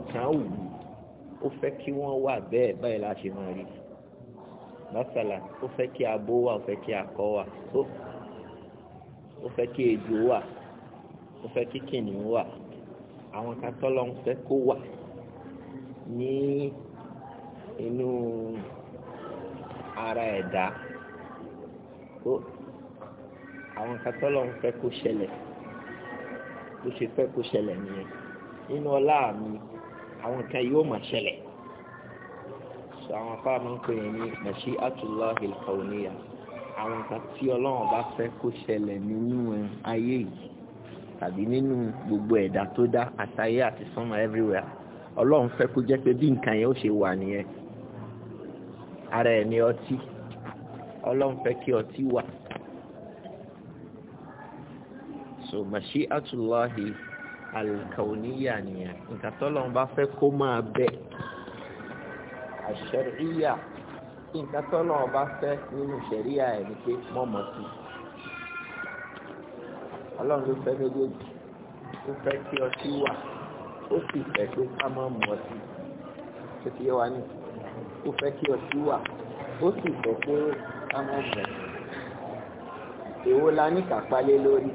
ọkàn wù ó fẹ́ kí wọ́n wà bẹ́ẹ̀ báyìí láti máa rí bàtàlà ó fẹ́ kí abo wà ó fẹ́ kí akọ wà tó ó fẹ́ kí ejò wà ó fẹ́ kí kìnìún wà àwọn katọ́lọ́ ń fẹ́ kó wà ní inú ara ẹ̀dá tó àwọn katọ́lọ́ ń fẹ́ kó ṣẹlẹ̀ bó ṣe fẹ́ kó ṣẹlẹ̀ nìyẹn nínú ọlá mi àwọn kan yóò máa ṣẹlẹ̀ so àwọn afá máa ń pè é ní mashi atulahi kauniya àwọn kan tí ọlọ́run bá fẹ́ kó ṣẹlẹ̀ nínú ayé yìí tàbí nínú gbogbo ẹ̀dá tó dá àtayé àti sánmà everywhere ọlọ́run fẹ́ kó jẹ́ pé bí nǹkan yẹn ó ṣe wà nìyẹn ara ẹ̀ ní ọtí ọlọ́run fẹ́ kí ọtí wà so mashi atulahi kauniya alkauniya nìyẹn nǹkan tọ́lọ̀ ń bá fẹ́ kó máa bẹ àṣẹríyà nǹkan tọ́lọ̀ ń bá fẹ́ nínú ṣẹ̀ríyà ẹ̀ ni pé mọ́mọ́ sí ọlọ́run ló fẹ́ méjèèjì ó fẹ́ kí ọtí wà ó sì fẹ́ pé ká má mu ọtí tó ti yẹ wa ní ó fẹ́ kí ọtí wà ó sì fẹ́ pé ká má mu ọtí èwo la ní kápá lórí.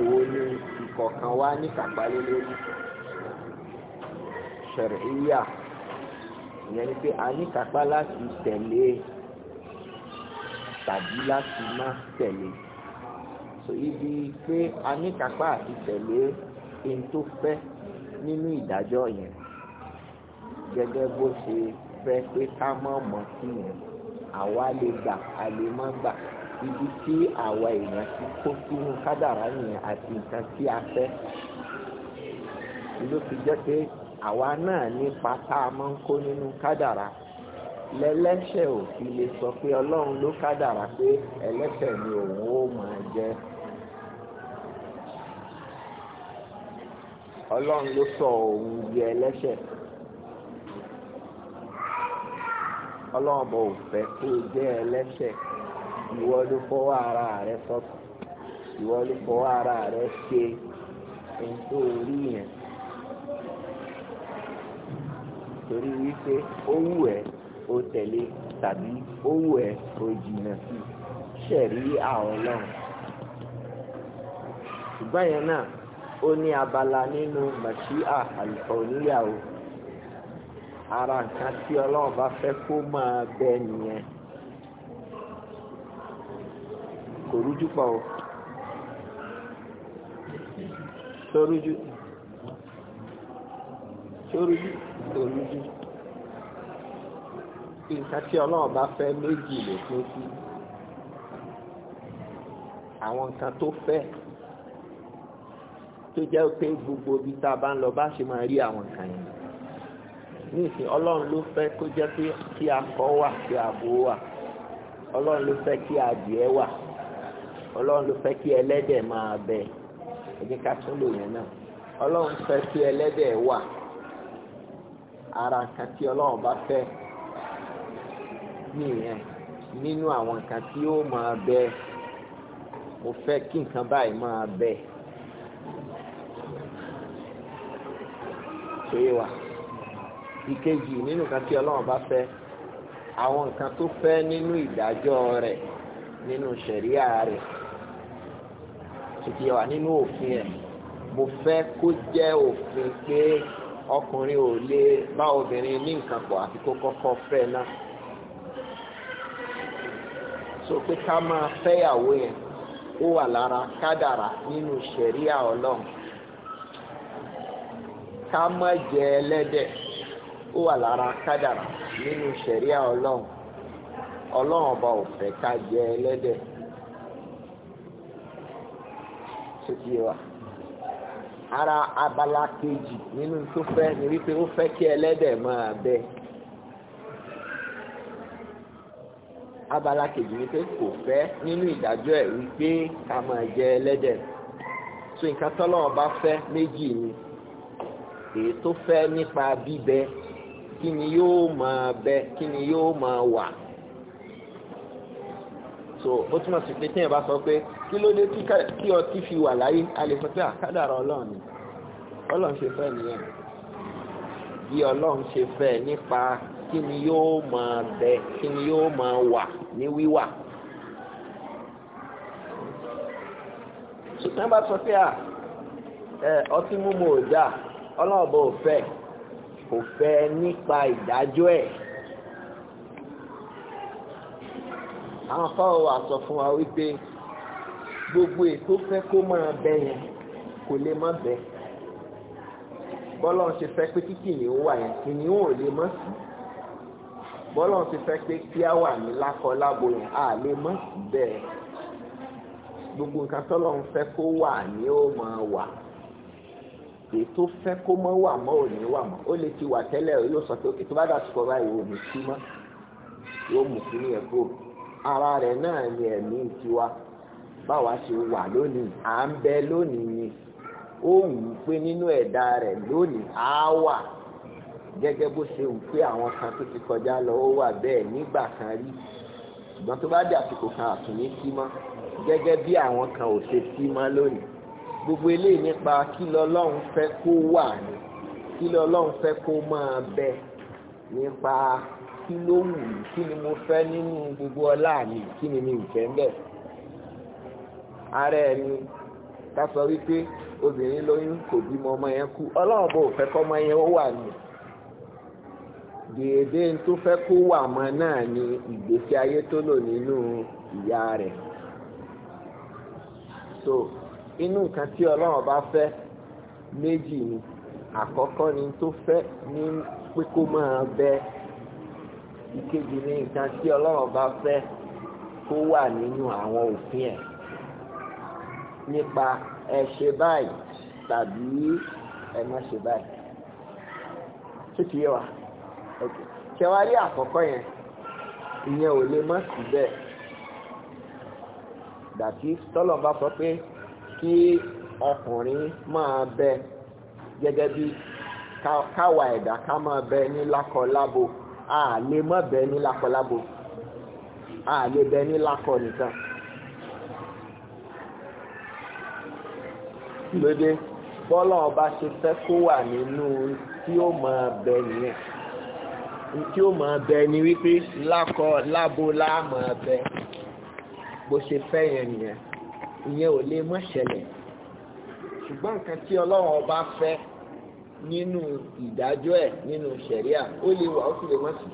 èwo ni ìkọ̀ọ̀kan wá ní kàpálẹ́ lórí ṣẹ̀ríyà ìyẹn ni pé a ní kápá láti tẹ̀lé tàbí láti má tẹ̀lé so ibi pé a ní kápá àti tẹ̀lé ohun tó fẹ́ nínú ìdájọ́ yẹn gẹ́gẹ́ bó ṣe fẹ́ pé ká mọ̀ mọ́ sí yẹn àwa lè gbà a lè má gbà ibi tí àwa èèyàn ti kó sínú kádàrá nìyẹn àti nǹkan tí a fẹ́ ló fi jẹ́ pé àwa náà nípa tá a máa ń kó nínú kádàrá lẹ́lẹ́ṣẹ̀ ò fi lè sọ pé ọlọ́run ló kádàrá pé ẹlẹ́ṣẹ̀ ni òun ó máa jẹ́ ọlọ́run ló sọ òun di ẹlẹ́ṣẹ̀ ọlọ́run bò fẹ́ kó jẹ́ ẹlẹ́ṣẹ̀ ìwọ ló fọwọ́ ara rẹ sọ́tọ̀ ìwọ ló fọwọ́ ara rẹ ṣe ohun tó rí yẹn torí wípé ó wù ẹ́ ó tẹ̀lé tàbí ó wù ẹ́ ó jìnnà sí ṣẹ̀rí àwọn ọlọ́run ṣùgbọ́n yẹn náà ó ní abala nínú màṣíà àlùfọ̀ oníyàwó ara nǹkan tí ọlọ́run bá fẹ́ kó máa bẹ nìyẹn. kò rújú pa ọ tó rújú tó rújú tó rújú nǹkan tí ọlọ́run bá fẹ́ méjì lè pín sí àwọn nǹkan tó fẹ́ tó jẹ́ pé gbogbo ibi tá a bá ń lọ bá ṣe máa rí àwọn nǹkan yẹn ní ìsìn ọlọ́run ló fẹ́ kó jẹ́ pé kí akọ wà kí abo wà ọlọ́run ló fẹ́ kí adìẹ wà ọlọ́run ló fẹ́ kí ẹlẹ́dẹ̀ máa bẹ ẹ̀jẹ̀ ká tún lò yẹn náà ọlọ́run fẹ́ kí ẹlẹ́dẹ̀ wà ara nǹkan tí ọlọ́run bá fẹ́ nìyẹn nínú àwọn nǹkan tí ó máa bẹ mo fẹ́ kí nǹkan báyìí máa bẹ ṣe é wà ìkejì nínú nǹkan tí ọlọ́run bá fẹ́ àwọn nǹkan tó fẹ́ nínú ìdájọ́ rẹ̀ nínú ṣẹ̀ríà rẹ̀ sòkè wà nínú òfin ẹ̀ mo fẹ́ kó jẹ́ òfin pé ọkùnrin ò lè bá obìnrin ní nǹkan pọ̀ àti kó kọ́kọ́ fẹ́ náà so pé ká máa fẹ́yàwó yẹn ó wà lára kádàrà nínú ṣẹ̀ríà ọlọ́run ká má jẹ ẹlẹ́dẹ̀ ó wà lára kádàrà nínú ṣẹ̀ríà ọlọ́run ọlọ́run ọba ò fẹ́ ká jẹ ẹlẹ́dẹ̀. ṣètì wa ara abala kejì nínú tó fẹ́ ni wípé ó fẹ́ kí ẹlẹ́dẹ̀ máa bẹ abala kejì ni pé kò fẹ́ nínú ìdájọ́ ẹ̀ wípé ká máa jẹ ẹlẹ́dẹ̀ so nǹkan tọ́lọ́wọ́ bá fẹ́ méjì ni èyí tó fẹ́ nípa bíbẹ kí ni yóò máa bẹ kí ni yóò máa wà so ó túmọ̀ sí pé téèyàn bá sọ pé kí ló dé tí ọtí fi wà láyé a lè sọ pé àkádàrà ọlọ́run ni ọlọ́run ṣe fẹ́ nìyẹn bí ọlọ́run ṣe fẹ́ nípa kí ni yóò máa bẹ kí ni yóò máa wà ní wíwà. ṣùgbọ́n bá sọ pé à ọtí mímu ò ọlọ́run bò fẹ́ kò fẹ́ nípa ìdájọ́ ẹ̀. àwọn fáwọn wà sọ fún wa wípé gbogbo ètò fẹ́ kó máa bẹ yẹn kò lè má bẹ bọ́lọ̀ ń ṣe fẹ́ pé kíkì ní ó wà yẹn kìnìún ò lè mọ́ sí bọ́lọ̀ ń ṣe fẹ́ pé kí á wà ní lákọ lábo yẹn à lè mọ́ sí bẹ́ẹ̀ gbogbo nǹkan tọ́lọ̀ ń fẹ́ kó wà ní ó máa wà ètò fẹ́ kó mọ́ wà mọ́ ò ní wà mọ́ ó lè ti wà tẹ́lẹ̀ yóò sọ pé ètò bá dà tó kọ́ra ìwò mi sí mọ́ yóò mú sí ní ẹ̀kọ́ ara rẹ̀ náà ni ẹ̀mí tiwa báwa ṣe wà lónìí à ń bẹ lónìí ni ó wù ú pé nínú ẹ̀dá rẹ̀ lónìí á wà gẹ́gẹ́ bó ṣe wù pé àwọn kan tó ti kọjá lọ ó wà bẹ́ẹ̀ nígbà kan rí ṣùgbọ́n tó bá dé àsìkò kan àtúnyí sí mọ́ gẹ́gẹ́ bí àwọn kan ò ṣe sí mọ́ lónìí gbogbo eléyìí nípa kí lọ́lọ́run fẹ́ kó wà ní kí lọ́lọ́run fẹ́ kó máa bẹ nípa kí ló wù mí kí ni mo fẹ́ nínú gbogbo ọlá mi kí ni mi ò fẹ́ bẹ́ẹ̀. ara ẹni ká sọ wípé obìnrin lóyún kò bímọ ọmọ yẹn kú ọlọ́run bò fẹ́ kọ́ ọmọ yẹn ó wà ní dèédé tó fẹ́ kó wà mọ́ náà ni ìgbésí ayé tó lò nínú ìyá rẹ̀ so inú nǹkan tí ọlọ́run bá fẹ́ méjì ni àkọ́kọ́ ni tó fẹ́ ní pé kó máa bẹ ìkejì ni nǹkan tí ọlọ́run bá fẹ́ kó wà nínú àwọn òfin ẹ̀. nípa ẹ ṣe báyìí tàbí ẹ má ṣe báyìí tó ti yé wa ok ṣẹwárí àkọ́kọ́ yẹn ìyẹn ò lè má sí bẹ́ẹ̀ dàtí tọ́lọ̀ bá sọ pé kí ọkùnrin máa bẹ gẹ́gẹ́ bí káwa ẹ̀dá ká máa bẹ ní lákọlábo a lè má bẹ ní lákọlábo a lè bẹ ní lákọ nìkan. lóde bọ́lá ọba ṣe fẹ́ kó wà nínú tí ó máa bẹ nìyẹn tí ó máa bẹ ni wípé lákọ lábo láàmọ̀ bẹ bó ṣe fẹ́ yẹn nìyẹn ìyẹn ò lè mọ́ ṣẹlẹ̀ ṣùgbọ́n nǹkan tí ọlọ́run ọba fẹ́ nínú ìdájọ́ ẹ̀ nínú ṣẹ̀ríà ó lè wà ó sì lè mọ́ sí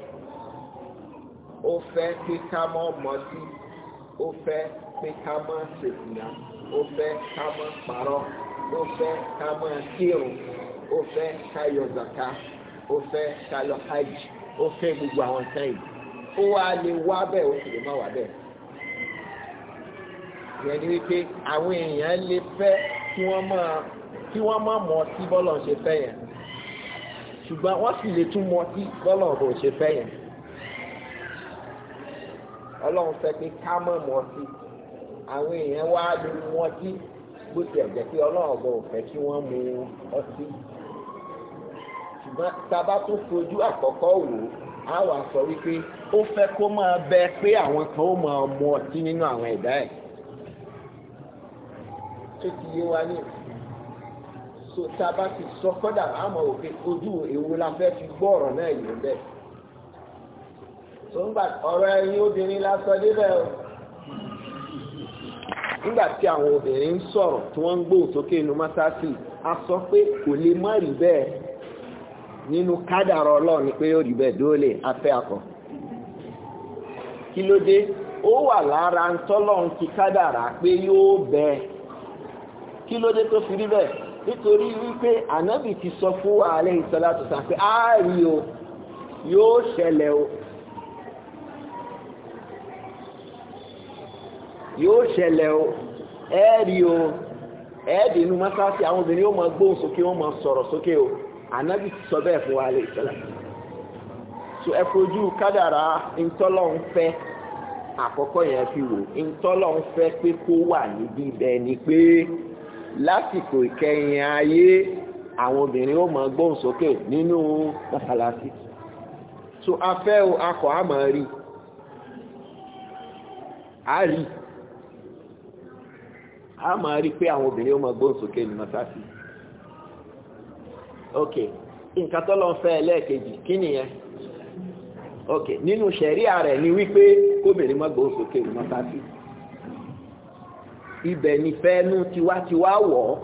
ó fẹ́ pé ká mọ́ mọ́ sí ó fẹ́ pé ká mọ́ ṣèkìlá ó fẹ́ ká mọ́ parọ́ ó fẹ́ ká máa kírun ó fẹ́ ká yọ zàká ó fẹ́ ká lọ hajj ó fẹ́ gbogbo àwọn nǹkan yìí ó wá lè wá bẹ́ẹ̀ ó sì lè má wá bẹ́ẹ̀ ìyẹn ni wípé àwọn èèyàn lè fẹ́ kí wọ́n máa kí wọ́n má mọ ọtí bọ́lọ̀ ṣe fẹ́ yẹn ṣùgbọ́n wọ́n sì lè tún mọ ọtí bọ́lọ̀ bò ṣe fẹ́ yẹn ọlọ́run fẹ́ pé ká mọ ọtí àwọn èèyàn wá lè mọ ọtí bó tiẹ̀ jẹ́ pé ọlọ́run ọ̀gbọ́n ò fẹ́ kí wọ́n mu ọtí ṣùgbọ́n tá a bá tún fojú àkọ́kọ́ wò á wà sọ wípé ó fẹ́ kó máa bẹ pé àwọn kan ó máa mu ọtí nínú àwọn ẹ̀dá ẹ̀ tó ti yé wa ní so tá a bá ti sọ kọ́dà á mọ̀ òkè ojú èwo la fẹ́ fi gbọ́ ọ̀rọ̀ náà yìí bẹ́ẹ̀ tó ń gbà ọ̀rọ̀ ẹyin obìnrin lásán débẹ̀ o nígbà tí àwọn obìnrin ń sọ̀rọ̀ tí wọ́n ń gbó òtókè inú mọ́sáàsì a sọ pé kò lè má rí bẹ́ẹ̀ nínú kádàrá Ọlọ́run ni pé ó rí bẹ́ẹ̀ dóòlè afẹ́ akọ kí ló dé ó wà lára ń tọ́lọ́run ti kádàrá pé yóò bẹ́ẹ̀ kí ló dé tó fi rí bẹ́ẹ̀ nítorí wípé ànábì ti sọ fún wa alayhi salatu sàn pé áàrí o yóò ṣẹlẹ̀ o yóò ṣẹlẹ̀ o ẹ́ẹ̀rí o ẹ́ẹ̀dì inú mọ́sáàsì àwọn obìnrin yóò máa gbóhùn sókè wọ́n máa sọ̀rọ̀ sókè o ànábì ti sọ bẹ́ẹ̀ fún wa lè ṣẹlẹ̀ so ẹ fojú kádàrá ntọ́lọ́ ń fẹ́ àkọ́kọ́ yẹn fi wò ntọ́lọ́ fẹ́ pé kó wà níbí bẹ́ẹ̀ ni pé lásìkò ìkẹyìn ayé àwọn obìnrin ó máa gbóhùn sókè nínú mọ́sálásì so afẹ́ o akọ̀ àmọ́ rí a rí a máa rí pé àwọn obìnrin ó máa gbóhùn sókè ní mọ́sáàsì ok nǹkan tó lọ fẹ́ lẹ́ẹ̀kejì kí nìyẹn ok nínú ṣẹ̀ríà rẹ̀ ni wípé kóbìnrin máa gbóhùn sókè ní mọ́sáàsì ibẹ̀ ni fẹ́ẹ́nu tiwátiwá wọ̀ ọ́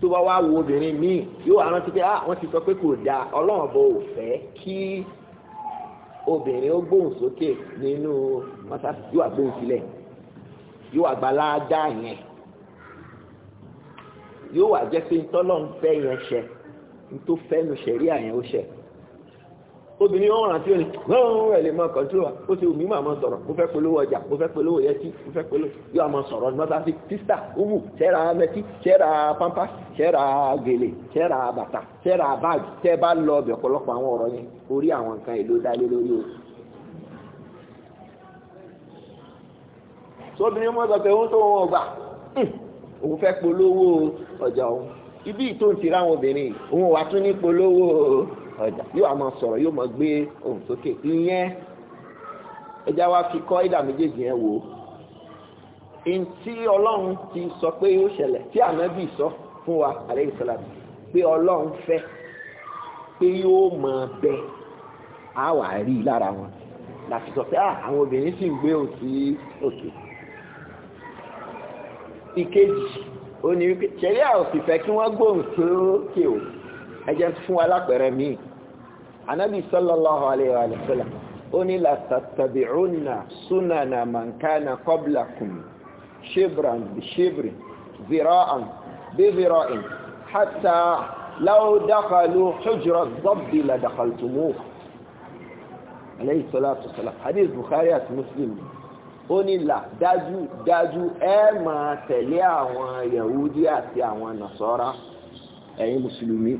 tó bá wá wo obìnrin míì yóò wá rántí pé ah wọ́n ti sọ pé kò dáa ọlọ́run bò ò fẹ́ kí obìnrin ó gbóhùn sókè nínú mọ́sáàsì yóò wá gbóhùn sílẹ̀ yóò wá gba láàdá yẹn yóò wá jẹ́ pé ntọ́lọ́ ń fẹ́ yẹn ṣẹ ntó fẹ́ nu ṣẹ̀rí àyẹn ó ṣẹ obìnrin wọn rántí ó ní wọn ẹ lè mọ kọńtúrò wa ó ti omi màmá sọ̀rọ̀ mo fẹ́ polówó ọjà mo fẹ́ polówó yẹtí mo fẹ́ polówó yóò àmọ́ sọ̀rọ̀ ní sí tísítà umu ṣẹra mẹtí ṣẹra pampa ṣẹra gèlè ṣẹra bàtà ṣẹra báàgì tẹ bá lọ ọbẹ ọ̀pọ̀lọpọ̀ àwọn ọ̀rọ̀ yẹn orí àwọn nǹkan èlò dálé lórí o kóbìnrin mọ́ sọ pé òun tó wọn ọgbà hmm. òun fẹ́ polówó ọjà òun ibi tó ń tira àwọn obìnrin òun wà tún ní polówó ọjà yóò máa sọ̀rọ̀ yóò máa gbé ohùn sókè ìyẹn ẹja wa fi kọ́ ìdá méjèèjì yẹn wò ó ntí ọlọ́run ti sọ pé ó ṣẹlẹ̀ tí ànábì sọ fún wa alayhi salam pé ọlọ́run fẹ́ pé yóò máa bẹ àwárí lára wọn láti sọ pé ah, àwọn obìnrin sì ń gbé òtí òkè ìkejì ó ní wípé ṣẹ̀rí àòfìfẹ́ kí wọ́n gbóhùn sókè o ẹjẹ́ fún alápẹ̀rẹ̀ míì anábì sallallahu alayhi wa sallam ó ní latattabi'unna sunana man kana qablakum shibran bi shibrin zira'an bi zira'in hatta law dakhalu hujra dabbi la alayhi salatu salam hadith bukhari àti muslim ó ní là dájúdájú ẹ máa tẹ̀lé àwọn yahudi àti àwọn nasọ́ra ẹ̀yin mùsùlùmí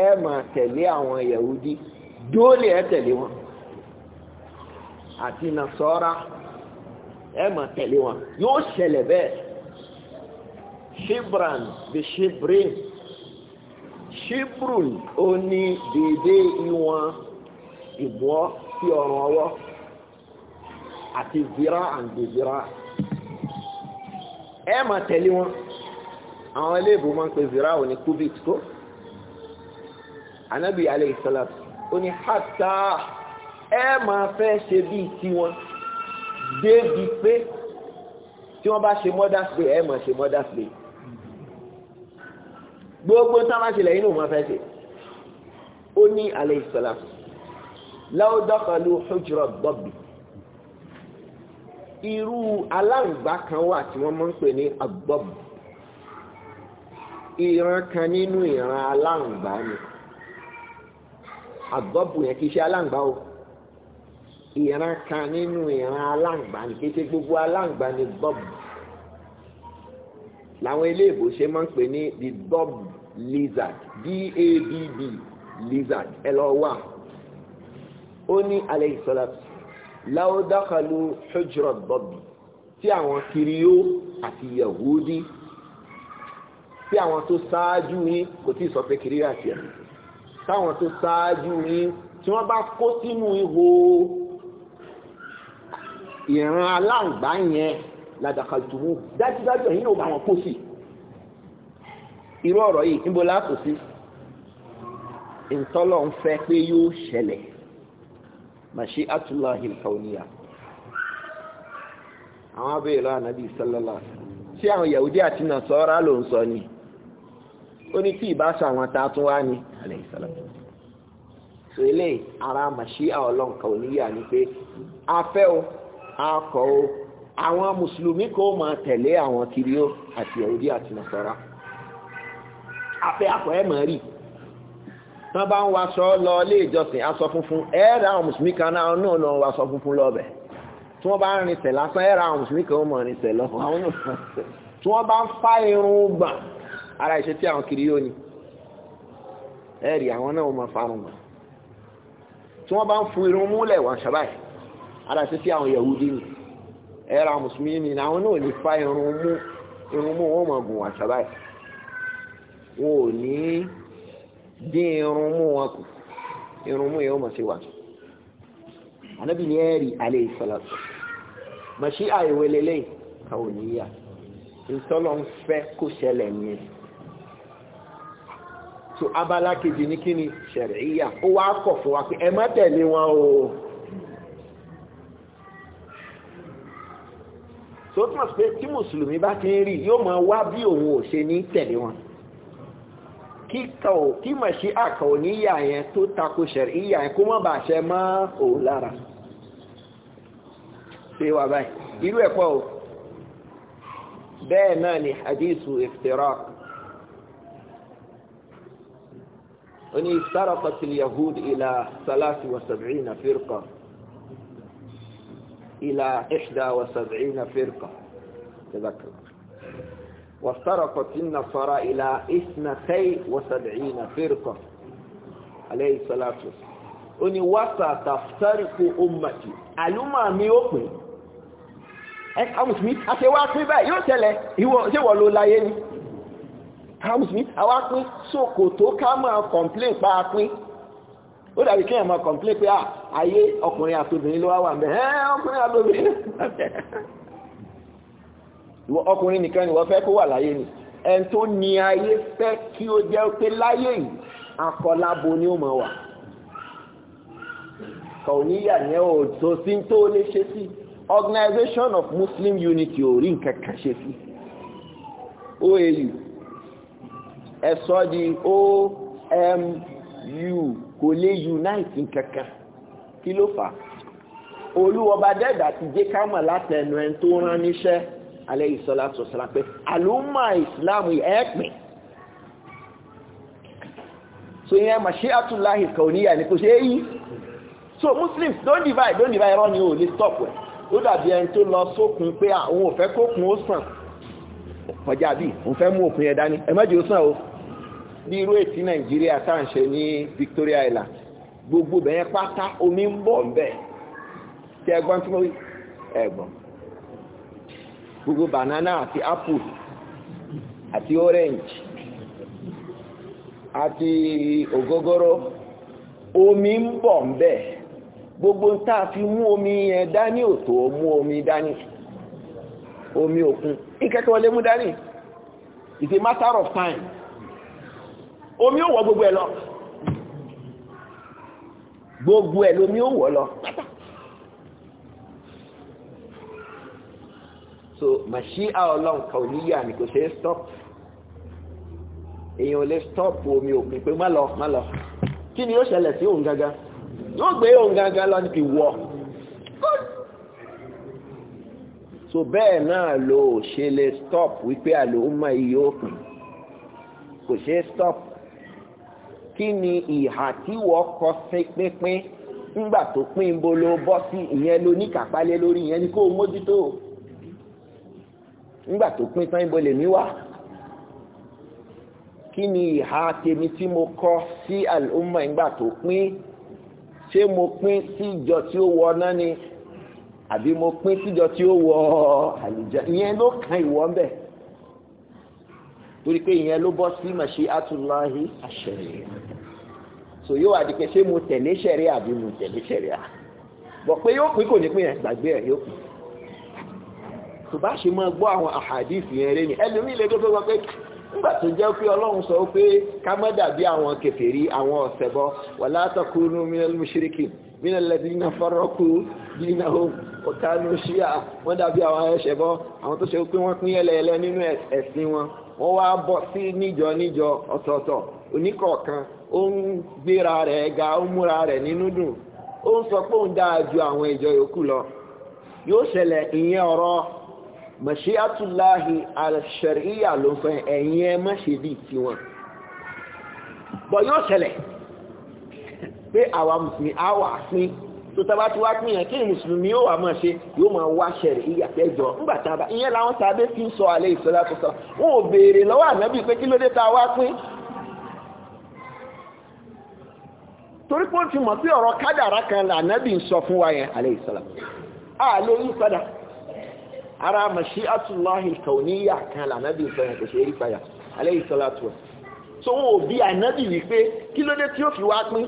ẹ máa tẹ̀lé àwọn yahudi dóòlì ẹ tẹ̀lé wọn àti nasọ́ra ẹ máa tẹ̀lé wọn yóò ṣẹlẹ̀ bẹ́ẹ̀ shibran bi shibrin shibrun ó ní déédéé ìwọ̀n ìbọ́ sí ọrùn ọwọ́ àti zira and zira ẹ mà tẹ̀lé wọn àwọn iléèbò máa ń pe zira ò ní kubit kó anabi alayhi salatu ó ní hata ẹ máa fẹ́ ṣe bíi tiwọn débi pé tí wọ́n bá ṣe mother's day ẹ máa ṣe mother's day gbogbo táwọn aṣèlè yìí ló fẹ́ ṣe ó ní alayhi salatu láwùjọ pẹ̀lú hujra bọ́bì irú aláǹgbá kan wà tí wọ́n máa ń pè ní agbọ́b ìran kan nínú ìran aláǹgbá ni agbọ́b yẹn kì í ṣe aláǹgbá o ìran kan nínú ìran aláǹgbá ni kété gbogbo aláǹgbá ni bob làwọn eléèbó ṣe máa ń pè ní the bob lizard b-a-b-b lizard ẹ lọ wà ó ní alẹ́ ìsọlá láódákàlù hujra bọ́bì tí àwọn kiriyó àti yahudi tí àwọn tó ṣáájú yín kò tí ì sọ pé kiriyó àti yahudi táwọn tó ṣáájú yín tí wọ́n bá kó sínú ihò ìran aláǹgbá yẹn ládàkàtúmù dájúdájú ẹ̀yin náà bá wọn kó sí irú ọ̀rọ̀ yìí níbo láàkó ìtọ́lọ̀ ń fẹ́ pé yóò ṣẹlẹ̀ mashi'atullahi al-kauniyya àwọn abẹ́rẹ́ lọ́wọ́ ànábì sọ́lọ́lá tí àwọn yahudi àti nasọ́ra ló ń sọ ni ó ní tí ìbá sọ àwọn ta tún wá ní alẹ́sàlámù so ilé ara màṣí ọlọ́run kauniyya ni pé afẹ́ o akọ o àwọn mùsùlùmí kò máa tẹ̀lé àwọn kiri o àti yahudi àti nasọ́ra afẹ́ akọ ẹ̀ máa rí i tán bá ń waṣọ lọ ilé ìjọsìn aṣọ funfun ẹ̀ẹ́rà àwọn mùsùlùmí kan náà náà lọ waṣọ funfun lọ́bẹ̀ tí wọ́n bá ń rinṣẹ̀ lásán ẹ̀ẹ́rà àwọn mùsùlùmí kan mọ̀ rinṣẹ̀ lọ àwọn náà tí wọ́n bá ń fá irun gbà ara ìṣe tí àwọn kiri yóò ní ẹ̀rì àwọn náà mọ̀ farun gbà tí wọ́n bá ń fún irun múlẹ̀ wà ṣàbáyé ara ìṣe tí àwọn yahudi ní ẹ̀ẹ́rà àwọn mùsùlùmí ní àwọn náà lè fá irun mú irun mú wọn mọ̀ gùn wà ṣàbáyé wọn ò ní dín irun mú wọn kù irun mú yẹn ó mọ̀ sí wa anabi ni ẹ̀rí alẹ́ ìsọ̀lọ́tọ̀ màṣí àìwé lélẹ̀ àwọn oníyà ìsọ̀lọ́ ń fẹ́ kó ṣẹlẹ̀ yẹn so abala kejì ní kíni ṣẹ̀rẹ̀ ìyà ó wá kọ̀ fún wa pé ẹ má tẹ̀lé wọn o so tí mùsùlùmí bá ti ń rí yóò máa wá bí òun ò ṣe ní tẹ̀lé wọn kí mọ̀ṣíà kauniyya yẹn tó tako ṣẹ̀ríyà yẹn kó mọ́ bà ṣẹ mọ́ ò lára ṣe wà báyìí irú ẹ̀kọ́ ò bẹ́ẹ̀ náà ni hadithu iftiraq oni sarafat al-yahud ila salasi wa sab'ina firqa ila ihda wa sab'ina firqa tadhakkar وافترقت النصارى إلى اثنتي وسبعين فرقة عليه الصلاة والسلام oni wasa taftariku ummati aluma mi o pin e ka muslimi a se wa pin báyìí yóò tẹ̀lé ìwọ se wo lo láyé ni ka muslimi a wa pin sokoto ka ma complain pa pin ó dàbí kéèyàn máa complain pé ah ayé ọkùnrin àtobìnrin ló wá wà ń bẹ ẹ ọkùnrin ọkùnrin nìkan ni wọ́n fẹ́ kó wà láyé ni ẹn tó ní ayé fẹ́ kí ó jẹ́ pé láyé yìí akọlábo ni ó mọ̀ wà kàwọníyà ní ọ̀tọ̀ sí tó lè ṣe sí organization of muslim unity ò rí nǹkan kan ṣe sí oau ẹ̀sọ́ di omu kò lè unite nǹkan kan kí ló fà olúwọba dẹ́dà ti jẹ́ ká látẹnu ẹni tó rán níṣẹ́ alayhi salatu wassalam pé àlùmọ́ ìsìláàmù ẹ̀ẹ́pìn so yẹn mashi'atullahi kauniya ni kò ṣe yí so muslims don't divide don't divide ẹ̀rọ ni ò lè stop ẹ̀ ó dàbí ẹni tó lọ sókun pé àwọn ah, ò fẹ́ kókun ó sàn kọjá bí òun fẹ́ mú òkun yẹn dání ẹ má ó sàn o bí irú ètí nàìjíríà tá ní Victoria Island gbogbo bẹ̀yẹn pátá omi ń bọ̀ ń bẹ̀ tí ẹgbọ́n tí mo rí ẹgbọ́n gbogbo banana àti apple àti orange àti ogogoro omi ń bọ̀ ń bẹ̀ gbogbo ń fi mú omi yẹn dání ò mú omi dání omi òkun ìkẹ́kọ̀ọ́ lé mú dání it's a matter of time omi ò wọ gbogbo ẹ̀ lọ gbogbo ẹ̀ lómi ò wọ lọ pátá so màṣíà ọlọ́run kàwéníyà ni kò ṣe é stop èèyàn lè stop omi òpin pé má lọ má lọ kí ni ó ṣẹlẹ̀ sí òun gangan yóò gbé òun gangan lọ níbi wọ́ so bẹ́ẹ̀ náà ló ṣe lè stop wípé àlòmọ iye òpin kò ṣe stop kí ni ìhà tí wọ́n kọ sí pínpín nígbà tó pín bolo bọ́ sí ìyẹn ló lórí ìyẹn ni kó mójútó ńgbà tó pín tán ibo lèmi wà kí ni ìhà tèmi tí mo kọ sí àlùmọ̀ ńgbà tó pín ṣé mo pín sí ìjọ tí ó wọ náà ni àbí mo pín síjọ tí ó wọ àlùjá ìyẹn ló kan ìwọ ń bẹ torí pé ìyẹn ló bọ́ sí màṣí àtúláhì àṣẹrẹ so yóò wà dìkẹ́ ṣé mo tẹ̀lé ṣẹ̀rẹ́ àbí mo tẹ̀lé ṣẹ̀rẹ́ à bọ̀ pé yóò pín kò ní pín yẹn gbàgbé ẹ̀ yóò pín. tó bá ṣe máa gbọ́ àwọn àhàdìsì yẹn rẹ ni ẹlòmíì lè dókè wọ pé nígbà tó jẹ́ pé ọlọ́run sọ pé ká má dàbí àwọn awọn àwọn ọ̀sẹ̀bọ wala takunu minal mushrikin minal ladina farraqu dinahum wa kanu wọ́n dàbí àwọn àwọn tó ṣe pé wọ́n pín nínú ẹ̀sìn wọn wọ́n wá sí níjọ níjọ ọ̀tọ̀ọ̀tọ̀ oníkọ̀ọ̀kan ó ń gbéra rẹ̀ ga ó múra rẹ̀ nínú dùn ó ń sọ lọ yóò ṣẹlẹ̀ ìyẹn mọ̀ṣíátùláhì àṣẹ̀ríyà ló fẹ́ ẹ̀yìn ẹ má ṣe bí tí wọn bọ̀ yóò ṣẹlẹ̀ pé àwa mùsùlùmí á wà sí tó tàbá tí wá pìyàn kí mùsùlùmí ó wà máa ṣe yóò máa wá ṣẹ̀ríyà pẹ́jọ ńgbàtàbá ìyẹn làwọn tàbí fi ń sọ alẹ́ ìṣọ́lá tó sọ wọn ò béèrè lọ́wọ́ ànábì yí padà ara mashi'atullahi kauniyya kan lànàbì ìfẹ́yàn kò ṣe é rí payà alayhi salatu wa so wọn ò bí ànábì wípé kí ló dé tí ó fi wá pín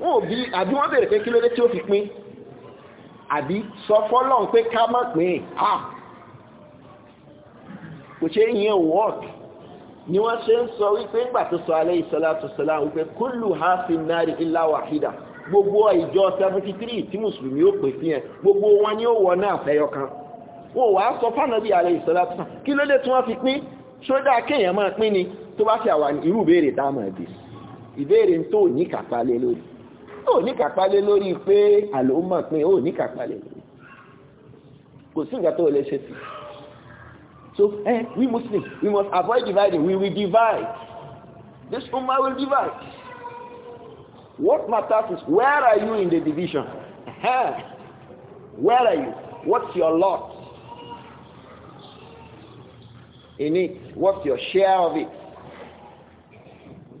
wọn ò bí àbí wọ́n bèèrè pé kí ló dé tí ó fi pín àbí sọ fọ́lọ́n pé ká má pín ah kò ṣe ìyẹn wọ́ọ̀kì ni wọ́n ṣe ń sọ wípé ńgbà tó sọ alayhi salatu wa salam wípé kullu ha nari illa wahida gbogbo ìjọ seventy three tí mùsùlùmí ó pè sí yẹn gbogbo wọn ni ó wọ náà fẹyọ kan wọn ò wá sọ fánàbí ààrẹ ìsọlá tó sàn kí ló dé tí wọn fi pín ṣódà kéèyàn máa pín ni tó bá fi àwà irú ìbéèrè tá a mọ̀ ẹ̀dì ìbéèrè tó ní kápá lé lórí ó ní kápá lé lórí pé àlò mọ̀ pín ó ní kápá lé lórí kò sí nǹkan tó lè ṣe sí so eh, we Muslims we must avoid dividing we will divide this Ummah will divide What matters is where are you in the division? where are you? What's your lot in it? What's your share of it?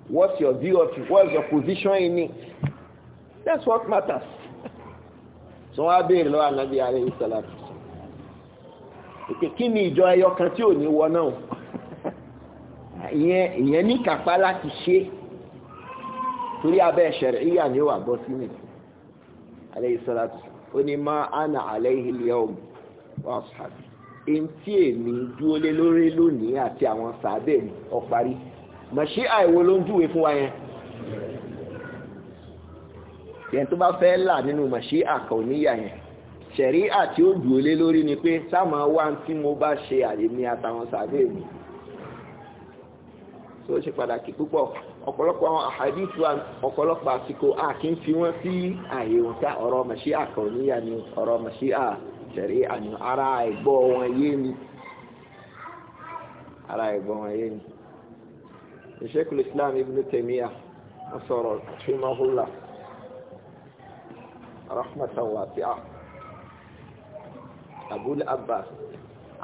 What's your view of it? What's your position in it? That's what matters. So I be lo anabi alayhi salam. Ike kini ijo eyo kan ti oni wo na o. ni kapa lati se torí abẹ́ ṣẹ̀ríyà ni ó wà bọ́ sí nìyí alayhi salatu ó ní ma ana alayhi al-yawm wa ashabi in tí èmi dúó lé lórí lónìí àti àwọn sàábẹ̀ mi ọparí màṣí àìwo ló ń júwe fún wa yẹn yẹn tó bá fẹ́ là nínú màṣí àkànníyà yẹn ṣẹ̀ríyà tí ó dúó lórí ni pé sáà wá tí mo bá ṣe àyèmí àtàwọn sàábẹ̀ So ṣe pàtàkì púpọ̀ ọ̀pọ̀lọpọ̀ àwọn àhàdìsí wa ọ̀pọ̀lọpọ̀ àsìkò a kì í fi wọ́n sí ààyè wọn tá ọ̀rọ̀ màṣí àkànníyà ni ọ̀rọ̀ màṣí àṣẹ̀rí àni ara ẹ̀gbọ́ wọn yé ni ara ẹ̀gbọ́ wọn yé ni. Sheikh islam Ibn Taymiyyah wọ́n sọ̀rọ̀ ṣímọ́húlà rahmatan wasi'a Abu al-Abbas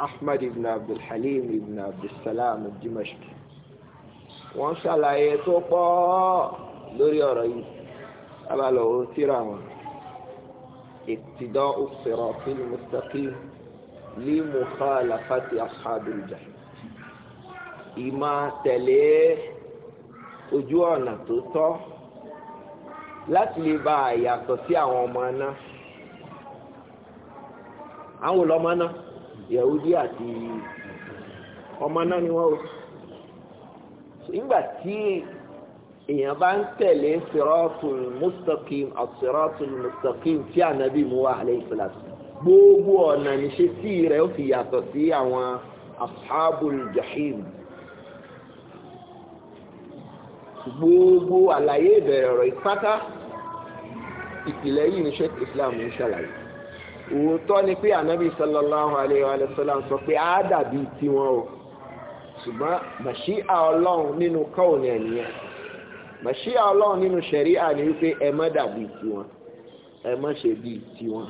Ahmad ibn Abdul Halim ibn Abdul Salam al-Dimashqi wọ́n ṣàlàyé tó pọ̀ lórí ọ̀rọ̀ yìí abalọ̀ ó tíra wọn iktida'u siratil mustaqim li mukhalafati ashabil jahim ìmá tẹ̀lé ojú ọ̀nà tó tọ́ láti lè bá a sí àwọn ọmọ náà àwọn olọmọ náà Yahudi àti ọmọ náà ni wọ́n o nígbà tí èèyàn bá ń tẹ̀lé siratul mustaqim as-siratul mustaqim tí ànábì mú wa alayhi salatu gbogbo ọ̀nà níṣe tí rẹ̀ ó fi yàtọ̀ sí àwọn ashabul jahim gbogbo àlàyé ìbẹ̀rẹ̀ ọ̀rọ̀ ìpátá ìpìlẹ̀ yìí ní sheikh islam ń ṣàlàyé òótọ́ ni pé ànábì sallallahu alayhi wa sallam sọ pé á dàbí tiwọn o ṣùgbọ́n màṣíà ọlọ́run nínú kọ́ọ̀nù ẹ̀nìyàn màṣíà ọlọ́run nínú ṣẹ̀ríà ni wípé ẹ má dàbí tiwọn ẹ má ṣe bí tiwọn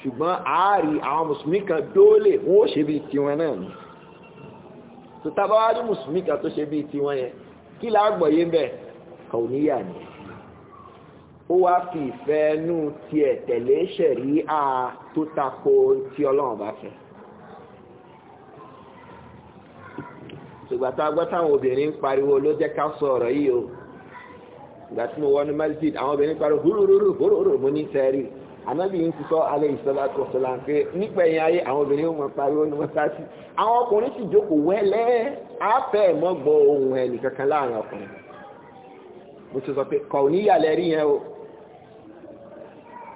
ṣùgbọ́n àárí àwọn mùsùlùmí kan dóòlè wọ́n ó ṣe bí tiwọn náà ni tó tábà wá ní mùsùlùmí kan tó ṣe bí tiwọn yẹn kí láàgbọ̀yé bẹ́ẹ̀ kọ̀ọ̀níyà ni ó wá fi ìfẹ́ nú tiẹ̀ tẹ̀lé ṣẹ̀ríà tó tako ti ọlọ́run bá fẹ́ ìgbà tá a gbọ́ táwọn obìnrin ń pariwo ló jẹ́ ká sọ ọ̀rọ̀ yìí o ìgbà tí mo wọnú masjid àwọn obìnrin pariwo húrúrúrú húrúrú mo ní sẹ́ẹ̀rì ànábì ń sọ alẹ́ ìsọlá tó sọlá pé nípa ẹ̀yìn ayé àwọn obìnrin ó mọ pariwo ní mọ́sáàsì àwọn ọkùnrin sì jókòó wẹ́lẹ́ afẹ́ mọ́gbọ́ ohun ẹnì kankan láàrin ọkùnrin mo ti sọ pé kọ̀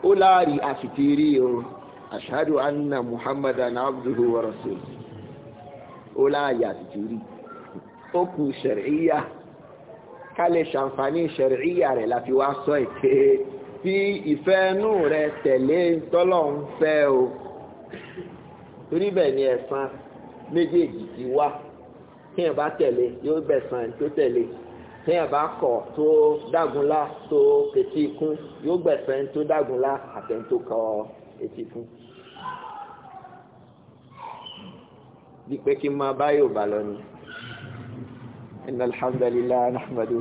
ó láàyè àfìtì rí ó kù ṣẹ̀ríyà ká lè ṣàǹfààní ṣẹ̀ríyà rẹ̀ láti wá sọ èké fi ìfẹ́ inú rẹ̀ tẹ̀lé tọ́lọ́hún fẹ́ o torí bẹ́ẹ̀ ni ẹ̀san méjèèjì ti wá téèyàn bá tẹ̀lé yóò gbẹ̀san tó tẹ̀lé téèyàn bá kọ̀ tó dágunlá tó kẹtí ikún yóò gbẹ̀san tó dágunlá àtẹ̀ tó kọ etí ikún. bí pé kí n máa bá yóò bá lọ ni. إن الحمد لله نحمده